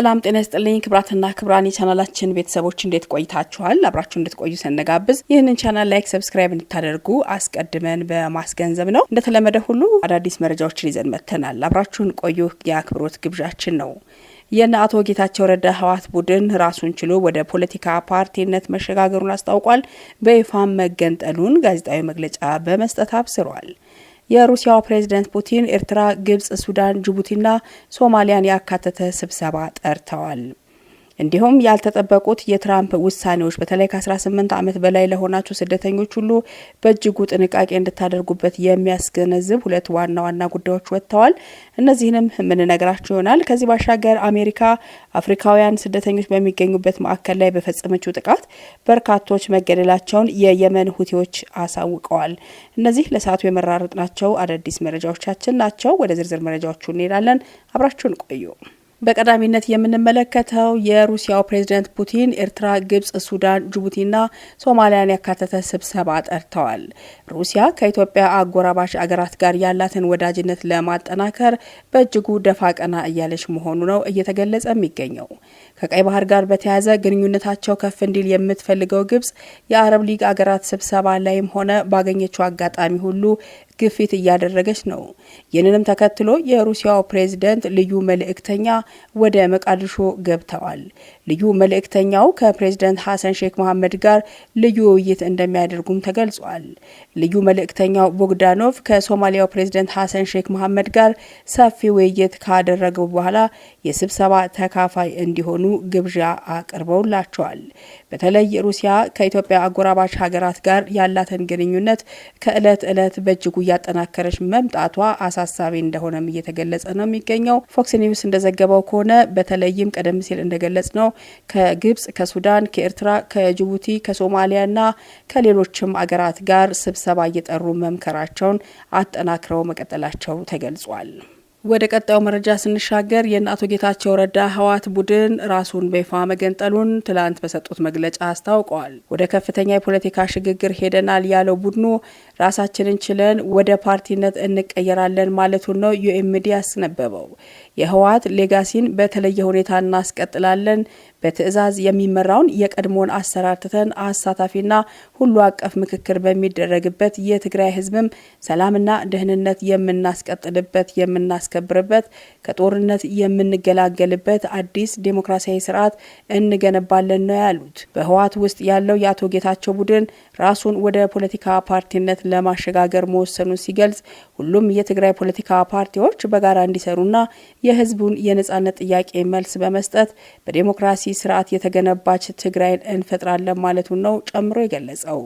ሰላም ጤና ይስጥልኝ ክብራትና ክብራን የቻናላችን ቤተሰቦች እንዴት ቆይታችኋል? አብራችሁ እንድትቆዩ ስንጋብዝ ይህንን ቻናል ላይክ፣ ሰብስክራይብ እንድታደርጉ አስቀድመን በማስገንዘብ ነው። እንደተለመደ ሁሉ አዳዲስ መረጃዎችን ይዘን መጥተናል። አብራችሁን ቆዩ የአክብሮት ግብዣችን ነው። የነ አቶ ጌታቸው ረዳ ህወሓት ቡድን ራሱን ችሎ ወደ ፖለቲካ ፓርቲነት መሸጋገሩን አስታውቋል። በይፋም መገንጠሉን ጋዜጣዊ መግለጫ በመስጠት አብስሯል። የሩሲያው ፕሬዝደንት ፑቲን ኤርትራ፣ ግብጽ፣ ሱዳን፣ ጅቡቲና ሶማሊያን ያካተተ ስብሰባ ጠርተዋል። እንዲሁም ያልተጠበቁት የትራምፕ ውሳኔዎች በተለይ ከ18 ዓመት በላይ ለሆናቸው ስደተኞች ሁሉ በእጅጉ ጥንቃቄ እንድታደርጉበት የሚያስገነዝብ ሁለት ዋና ዋና ጉዳዮች ወጥተዋል። እነዚህንም የምንነግራችሁ ይሆናል። ከዚህ ባሻገር አሜሪካ አፍሪካውያን ስደተኞች በሚገኙበት ማዕከል ላይ በፈጸመችው ጥቃት በርካቶች መገደላቸውን የየመን ሁቴዎች አሳውቀዋል። እነዚህ ለሰዓቱ የመራረጥ ናቸው አዳዲስ መረጃዎቻችን ናቸው። ወደ ዝርዝር መረጃዎቹ እንሄዳለን። አብራችሁን ቆዩ። በቀዳሚነት የምንመለከተው የሩሲያው ፕሬዝደንት ፑቲን ኤርትራ፣ ግብጽ፣ ሱዳን፣ ጅቡቲና ሶማሊያን ያካተተ ስብሰባ ጠርተዋል። ሩሲያ ከኢትዮጵያ አጎራባሽ አገራት ጋር ያላትን ወዳጅነት ለማጠናከር በእጅጉ ደፋ ቀና እያለች መሆኑ ነው እየተገለጸ የሚገኘው። ከቀይ ባህር ጋር በተያያዘ ግንኙነታቸው ከፍ እንዲል የምትፈልገው ግብጽ የአረብ ሊግ አገራት ስብሰባ ላይም ሆነ ባገኘችው አጋጣሚ ሁሉ ግፊት እያደረገች ነው። ይህንንም ተከትሎ የሩሲያው ፕሬዝደንት ልዩ መልእክተኛ ወደ መቃድሾ ገብተዋል። ልዩ መልእክተኛው ከፕሬዝደንት ሐሰን ሼክ መሐመድ ጋር ልዩ ውይይት እንደሚያደርጉም ተገልጿል። ልዩ መልእክተኛው ቦግዳኖቭ ከሶማሊያው ፕሬዝደንት ሐሰን ሼክ መሐመድ ጋር ሰፊ ውይይት ካደረገው በኋላ የስብሰባ ተካፋይ እንዲሆኑ ግብዣ አቅርበውላቸዋል። በተለይ ሩሲያ ከኢትዮጵያ አጎራባች ሀገራት ጋር ያላትን ግንኙነት ከእለት ዕለት በእጅጉ እያጠናከረች መምጣቷ አሳሳቢ እንደሆነም እየተገለጸ ነው የሚገኘው። ፎክስ ኒውስ እንደዘገበው ከሆነ በተለይም ቀደም ሲል እንደገለጽ ነው ከግብጽ፣ ከሱዳን፣ ከኤርትራ፣ ከጅቡቲ፣ ከሶማሊያና ከሌሎችም አገራት ጋር ስብሰባ እየጠሩ መምከራቸውን አጠናክረው መቀጠላቸው ተገልጿል። ወደ ቀጣዩ መረጃ ስንሻገር የእነ አቶ ጌታቸው ረዳ ህወሓት ቡድን ራሱን በይፋ መገንጠሉን ትላንት በሰጡት መግለጫ አስታውቀዋል። ወደ ከፍተኛ የፖለቲካ ሽግግር ሄደናል ያለው ቡድኑ ራሳችንን ችለን ወደ ፓርቲነት እንቀየራለን ማለቱን ነው ዩኤምዲ ያስነበበው። የህወሓት ሌጋሲን በተለየ ሁኔታ እናስቀጥላለን፣ በትዕዛዝ የሚመራውን የቀድሞውን አሰራር ትተን አሳታፊና ሁሉ አቀፍ ምክክር በሚደረግበት የትግራይ ህዝብም ሰላምና ደህንነት የምናስቀጥልበት የምናስከብርበት ከጦርነት የምንገላገልበት አዲስ ዴሞክራሲያዊ ስርዓት እንገነባለን ነው ያሉት። በህወሓት ውስጥ ያለው የአቶ ጌታቸው ቡድን ራሱን ወደ ፖለቲካ ፓርቲነት ለማሸጋገር መወሰኑን ሲገልጽ ሁሉም የትግራይ ፖለቲካ ፓርቲዎች በጋራ እንዲሰሩና የህዝቡን የነጻነት ጥያቄ መልስ በመስጠት በዴሞክራሲ ስርዓት የተገነባች ትግራይን እንፈጥራለን ማለቱን ነው ጨምሮ የገለጸው።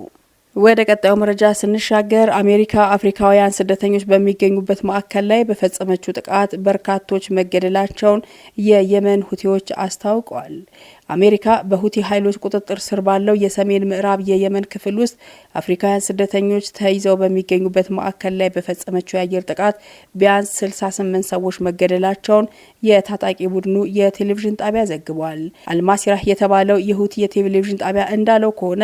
ወደ ቀጣዩ መረጃ ስንሻገር አሜሪካ አፍሪካውያን ስደተኞች በሚገኙበት ማዕከል ላይ በፈጸመችው ጥቃት በርካቶች መገደላቸውን የየመን ሁቴዎች አስታውቀዋል። አሜሪካ በሁቲ ኃይሎች ቁጥጥር ስር ባለው የሰሜን ምዕራብ የየመን ክፍል ውስጥ አፍሪካውያን ስደተኞች ተይዘው በሚገኙበት ማዕከል ላይ በፈጸመችው የአየር ጥቃት ቢያንስ 68 ሰዎች መገደላቸውን የታጣቂ ቡድኑ የቴሌቪዥን ጣቢያ ዘግቧል። አልማሲራህ የተባለው የሁቲ የቴሌቪዥን ጣቢያ እንዳለው ከሆነ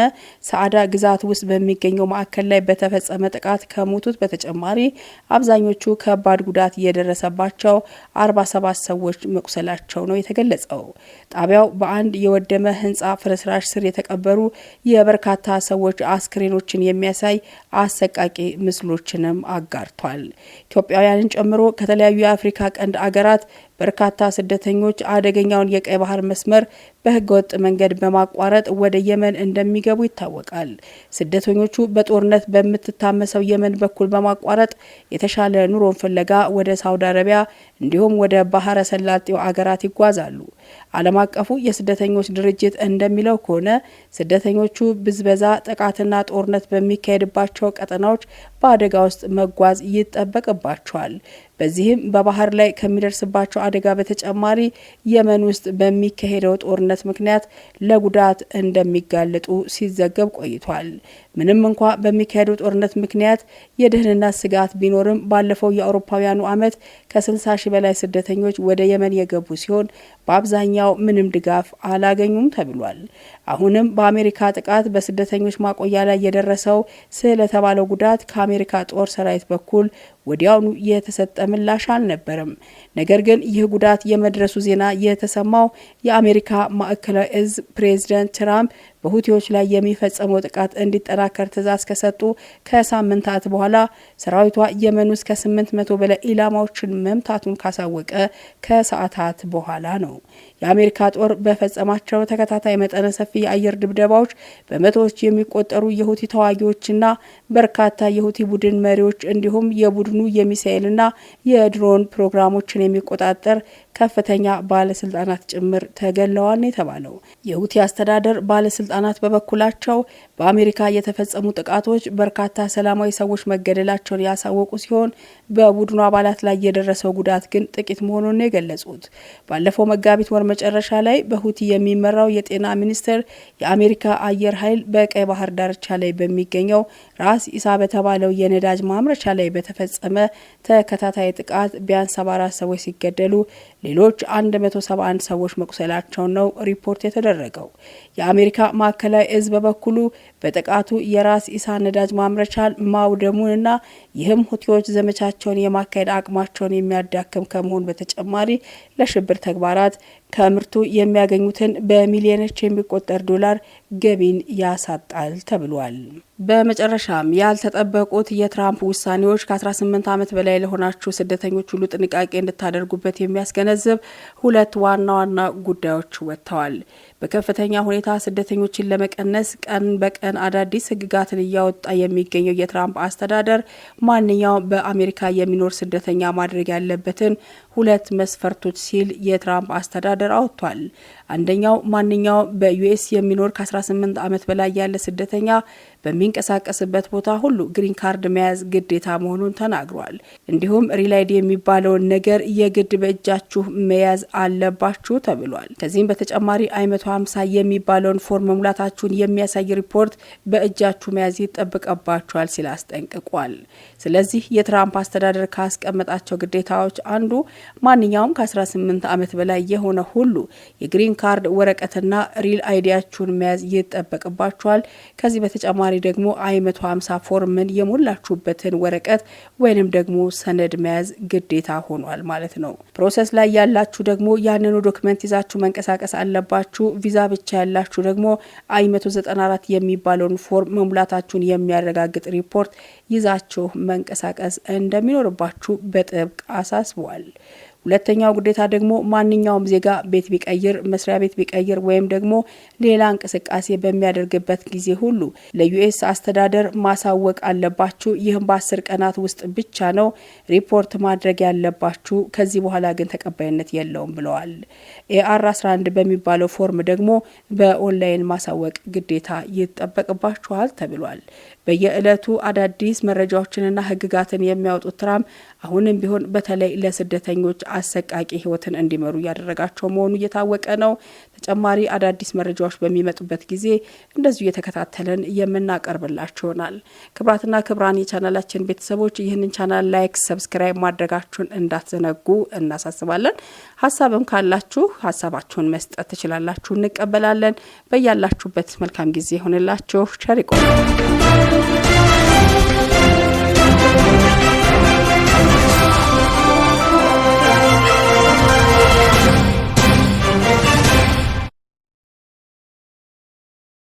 ሰዓዳ ግዛት ውስጥ በሚገኘው ማዕከል ላይ በተፈጸመ ጥቃት ከሞቱት በተጨማሪ አብዛኞቹ ከባድ ጉዳት የደረሰባቸው 47 ሰዎች መቁሰላቸው ነው የተገለጸው። ጣቢያው በአንድ አንድ የወደመ ህንፃ ፍርስራሽ ስር የተቀበሩ የበርካታ ሰዎች አስክሬኖችን የሚያሳይ አሰቃቂ ምስሎችንም አጋርቷል። ኢትዮጵያውያንን ጨምሮ ከተለያዩ የአፍሪካ ቀንድ አገራት በርካታ ስደተኞች አደገኛውን የቀይ ባህር መስመር በህገወጥ መንገድ በማቋረጥ ወደ የመን እንደሚገቡ ይታወቃል። ስደተኞቹ በጦርነት በምትታመሰው የመን በኩል በማቋረጥ የተሻለ ኑሮን ፍለጋ ወደ ሳውዲ አረቢያ እንዲሁም ወደ ባህረ ሰላጤው አገራት ይጓዛሉ። ዓለም አቀፉ የስደተኞች ድርጅት እንደሚለው ከሆነ ስደተኞቹ ብዝበዛ፣ ጥቃትና ጦርነት በሚካሄድባቸው ቀጠናዎች በአደጋ ውስጥ መጓዝ ይጠበቅባቸዋል። በዚህም በባህር ላይ ከሚደርስባቸው አደጋ በተጨማሪ የመን ውስጥ በሚካሄደው ጦርነት ምክንያት ለጉዳት እንደሚጋለጡ ሲዘገብ ቆይቷል። ምንም እንኳ በሚካሄደው ጦርነት ምክንያት የደህንነት ስጋት ቢኖርም ባለፈው የአውሮፓውያኑ ዓመት ከ60 ሺህ በላይ ስደተኞች ወደ የመን የገቡ ሲሆን በአብዛኛው ምንም ድጋፍ አላገኙም ተብሏል። አሁንም በአሜሪካ ጥቃት በስደተኞች ማቆያ ላይ የደረሰው ስለተባለው ጉዳት ከአሜሪካ ጦር ሰራዊት በኩል ወዲያውኑ የተሰጠ ምላሽ አልነበረም። ነገር ግን ይህ ጉዳት የመድረሱ ዜና የተሰማው የአሜሪካ ማዕከላዊ እዝ ፕሬዚደንት ትራምፕ በሁቲዎች ላይ የሚፈጸመው ጥቃት እንዲጠናከር ትዕዛዝ ከሰጡ ከሳምንታት በኋላ ሰራዊቷ የመን ውስጥ ከስምንት መቶ በላይ ኢላማዎችን መምታቱን ካሳወቀ ከሰዓታት በኋላ ነው። የአሜሪካ ጦር በፈጸማቸው ተከታታይ መጠነ ሰፊ የአየር ድብደባዎች በመቶዎች የሚቆጠሩ የሁቲ ተዋጊዎችና በርካታ የሁቲ ቡድን መሪዎች እንዲሁም የቡድኑ የሚሳኤልና የድሮን ፕሮግራሞችን የሚቆጣጠር ከፍተኛ ባለስልጣናት ጭምር ተገለዋል የተባለው የሁቲ አስተዳደር ባለስልጣናት በበኩላቸው በአሜሪካ የተፈጸሙ ጥቃቶች በርካታ ሰላማዊ ሰዎች መገደላቸውን ያሳወቁ ሲሆን በቡድኑ አባላት ላይ የደረሰው ጉዳት ግን ጥቂት መሆኑን ነው የገለጹት። ባለፈው መጋቢት ወር መጨረሻ ላይ በሁቲ የሚመራው የጤና ሚኒስቴር የአሜሪካ አየር ኃይል በቀይ ባህር ዳርቻ ላይ በሚገኘው ራስ ኢሳ በተባለው የነዳጅ ማምረቻ ላይ በተፈጸመ ተከታታይ ጥቃት ቢያንስ 74 ሰዎች ሲገደሉ ሌሎች 171 ሰዎች መቁሰላቸውን ነው ሪፖርት የተደረገው። የአሜሪካ ማዕከላዊ እዝ በበኩሉ በጥቃቱ የራስ ኢሳ ነዳጅ ማምረቻን ማውደሙንና ይህም ሁቲዎች ዘመቻቸውን የማካሄድ አቅማቸውን የሚያዳክም ከመሆን በተጨማሪ ለሽብር ተግባራት ከምርቱ የሚያገኙትን በሚሊዮኖች የሚቆጠር ዶላር ገቢን ያሳጣል ተብሏል። በመጨረሻም ያልተጠበቁት የትራምፕ ውሳኔዎች ከ18 ዓመት በላይ ለሆናችሁ ስደተኞች ሁሉ ጥንቃቄ እንድታደርጉበት የሚያስገነዝብ ሁለት ዋና ዋና ጉዳዮች ወጥተዋል። በከፍተኛ ሁኔታ ስደተኞችን ለመቀነስ ቀን በቀን አዳዲስ ሕግጋትን እያወጣ የሚገኘው የትራምፕ አስተዳደር ማንኛውም በአሜሪካ የሚኖር ስደተኛ ማድረግ ያለበትን ሁለት መስፈርቶች ሲል የትራምፕ አስተዳደር አውጥቷል። አንደኛው ማንኛውም በዩኤስ የሚኖር ከ18 ዓመት በላይ ያለ ስደተኛ በሚንቀሳቀስበት ቦታ ሁሉ ግሪን ካርድ መያዝ ግዴታ መሆኑን ተናግሯል። እንዲሁም ሪላይድ የሚባለውን ነገር የግድ በእጃችሁ መያዝ አለባችሁ ተብሏል። ከዚህም በተጨማሪ አይ መቶ የሚባለውን ፎርም መሙላታችሁን የሚያሳይ ሪፖርት በእጃችሁ መያዝ ይጠበቅባችኋል ሲል አስጠንቅቋል። ስለዚህ የትራምፕ አስተዳደር ካስቀመጣቸው ግዴታዎች አንዱ ማንኛውም ከ18 ዓመት በላይ የሆነ ሁሉ የግሪን ካርድ፣ ወረቀትና ሪል አይዲያችሁን መያዝ ይጠበቅባችኋል። ከዚህ በተጨማሪ ደግሞ አይ መቶ ፎርምን የሞላችሁበትን ወረቀት ወይንም ደግሞ ሰነድ መያዝ ግዴታ ሆኗል ማለት ነው። ፕሮሰስ ላይ ያላችሁ ደግሞ ያንኑ ዶክመንት ይዛችሁ መንቀሳቀስ አለባችሁ። ቪዛ ብቻ ያላችሁ ደግሞ አይ መቶ ዘጠና አራት የሚባለውን ፎርም መሙላታችሁን የሚያረጋግጥ ሪፖርት ይዛችሁ መንቀሳቀስ እንደሚኖርባችሁ በጥብቅ አሳስቧል። ሁለተኛው ግዴታ ደግሞ ማንኛውም ዜጋ ቤት ቢቀይር፣ መስሪያ ቤት ቢቀይር ወይም ደግሞ ሌላ እንቅስቃሴ በሚያደርግበት ጊዜ ሁሉ ለዩኤስ አስተዳደር ማሳወቅ አለባችሁ። ይህም በአስር ቀናት ውስጥ ብቻ ነው ሪፖርት ማድረግ ያለባችሁ። ከዚህ በኋላ ግን ተቀባይነት የለውም ብለዋል። ኤአር 11 በሚባለው ፎርም ደግሞ በኦንላይን ማሳወቅ ግዴታ ይጠበቅባችኋል ተብሏል። በየዕለቱ አዳዲስ መረጃዎችንና ህግጋትን የሚያወጡት ትራምፕ አሁንም ቢሆን በተለይ ለስደተኞች አሰቃቂ ህይወትን እንዲመሩ እያደረጋቸው መሆኑ እየታወቀ ነው። ተጨማሪ አዳዲስ መረጃዎች በሚመጡበት ጊዜ እንደዚሁ እየተከታተልን የምናቀርብላችሁ ይሆናል። ክብራትና ክብራን የቻናላችን ቤተሰቦች ይህንን ቻናል ላይክ፣ ሰብስክራይብ ማድረጋችሁን እንዳትዘነጉ እናሳስባለን። ሀሳብም ካላችሁ ሀሳባችሁን መስጠት ትችላላችሁ፣ እንቀበላለን። በያላችሁበት መልካም ጊዜ ይሆንላችሁ። ቸር ይቆዩ።